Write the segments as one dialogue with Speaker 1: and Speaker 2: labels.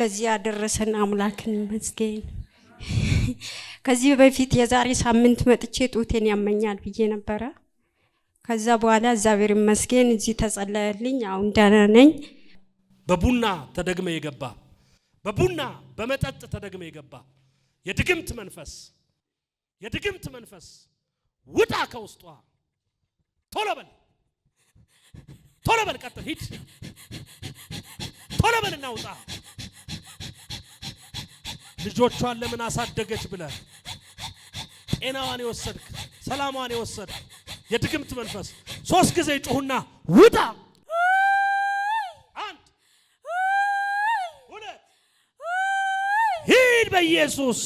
Speaker 1: ለዚህ ያደረሰን አምላክን መስገን። ከዚህ በፊት የዛሬ ሳምንት መጥቼ ጡቴን ያመኛል ብዬ ነበረ። ከዛ በኋላ እግዚአብሔር ይመስገን እዚህ ተጸለየልኝ። አሁን ደህና ነኝ።
Speaker 2: በቡና ተደግመ የገባ በቡና በመጠጥ ተደግመ የገባ የድግምት መንፈስ የድግምት መንፈስ ውጣ ከውስጧ። ቶሎ በል ቶሎ በል፣ ቀጥል፣ ሂድ ቶሎ በልና ውጣ ልጆቿን ለምን አሳደገች ብለህ ጤናዋን የወሰድክ ሰላሟን የወሰድክ የድግምት መንፈስ ሶስት ጊዜ ጩሁና ውጣ። አንድ ሁለት፣ ሂድ በኢየሱስ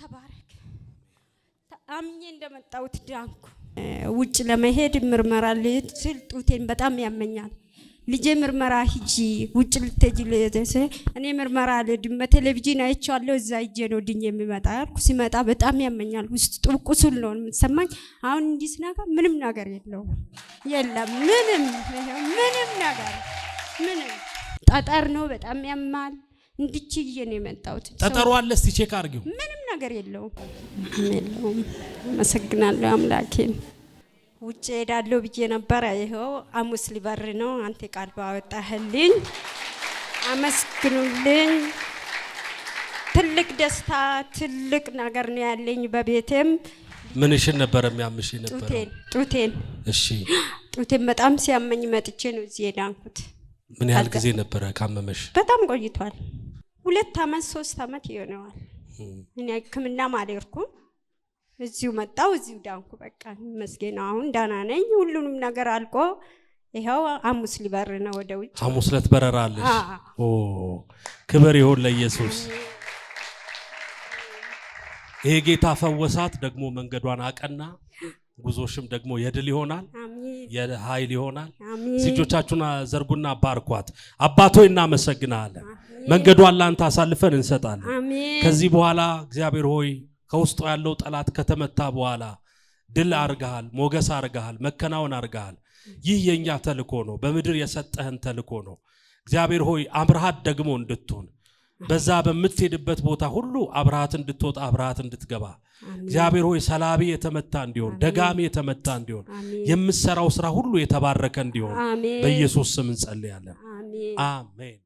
Speaker 1: ተባረክ። አምኜ እንደመጣሁት ዳንኩ። ውጭ ለመሄድ ምርመራ ልትል ጡቴን በጣም ያመኛል። ልጄ ምርመራ ሂጂ ውጭ ልትሄጂ እኔ ምርመራ አልሄድም፣ በቴሌቪዥን አይቼዋለሁ እዛ ሂጄ ነው ድኜ የሚመጣ ያልኩ። ሲመጣ በጣም ያመኛል። ውስጥ ቁስል ነው የምትሰማኝ። አሁን እንዲህ ስነጋ ምንም ነገር የለውም የለም ምንም ምንም ነገር ምንም ጠጠር ነው በጣም ያማል። እንድች ይዤ ነው የመጣሁት።
Speaker 2: ጠጠሩ አለ እስቲ ቼክ አድርጊው።
Speaker 1: ምንም ነገር የለውም የለውም። አመሰግናለሁ አምላኬን። ውጭ ሄዳለሁ ብዬ ነበረ። ይኸው አሙስ ሊበር ነው። አንተ ቃል ባወጣህልኝ አመስግኑልኝ። ትልቅ ደስታ፣ ትልቅ ነገር ነው ያለኝ። በቤቴም
Speaker 2: ምንሽን ነበረ የሚያምሽ ነበረ? ጡቴን። እሺ፣
Speaker 1: ጡቴን በጣም ሲያመኝ መጥቼ ነው እዚህ የዳንኩት።
Speaker 2: ምን ያህል ጊዜ ነበረ ካመመሽ?
Speaker 1: በጣም ቆይቷል። ሁለት አመት ሶስት አመት ይሆነዋል። እኔ ሕክምናም አልሄድኩም እዚሁ መጣው እዚሁ ዳንኩ። በቃ ነው። አሁን ዳና ነኝ። ሁሉንም ነገር አልቆ ይኸው ሐሙስ ሊበር ነው ወደ ውጭ።
Speaker 2: ሐሙስ ዕለት በረራ አለሽ። ክብር ይሁን ለኢየሱስ። ይሄ ጌታ ፈወሳት፣ ደግሞ መንገዷን አቀና። ጉዞሽም ደግሞ የድል ይሆናል፣ የኃይል ይሆናል። ልጆቻችሁን ዘርጉና ባርኳት። አባቶ እናመሰግናለን። መንገዷን ላንተ አሳልፈን እንሰጣለን። ከዚህ በኋላ እግዚአብሔር ሆይ ከውስጡ ያለው ጠላት ከተመታ በኋላ ድል አርገሃል፣ ሞገስ አርገሃል፣ መከናወን አርገሃል። ይህ የእኛ ተልኮ ነው፣ በምድር የሰጠህን ተልኮ ነው። እግዚአብሔር ሆይ አብርሃት ደግሞ እንድትሆን በዛ በምትሄድበት ቦታ ሁሉ አብርሃት እንድትወጣ አብርሃት እንድትገባ እግዚአብሔር ሆይ ሰላቢ የተመታ እንዲሆን ደጋሚ የተመታ እንዲሆን የምትሰራው ስራ ሁሉ የተባረከ እንዲሆን በኢየሱስ ስም እንጸልያለን። አሜን።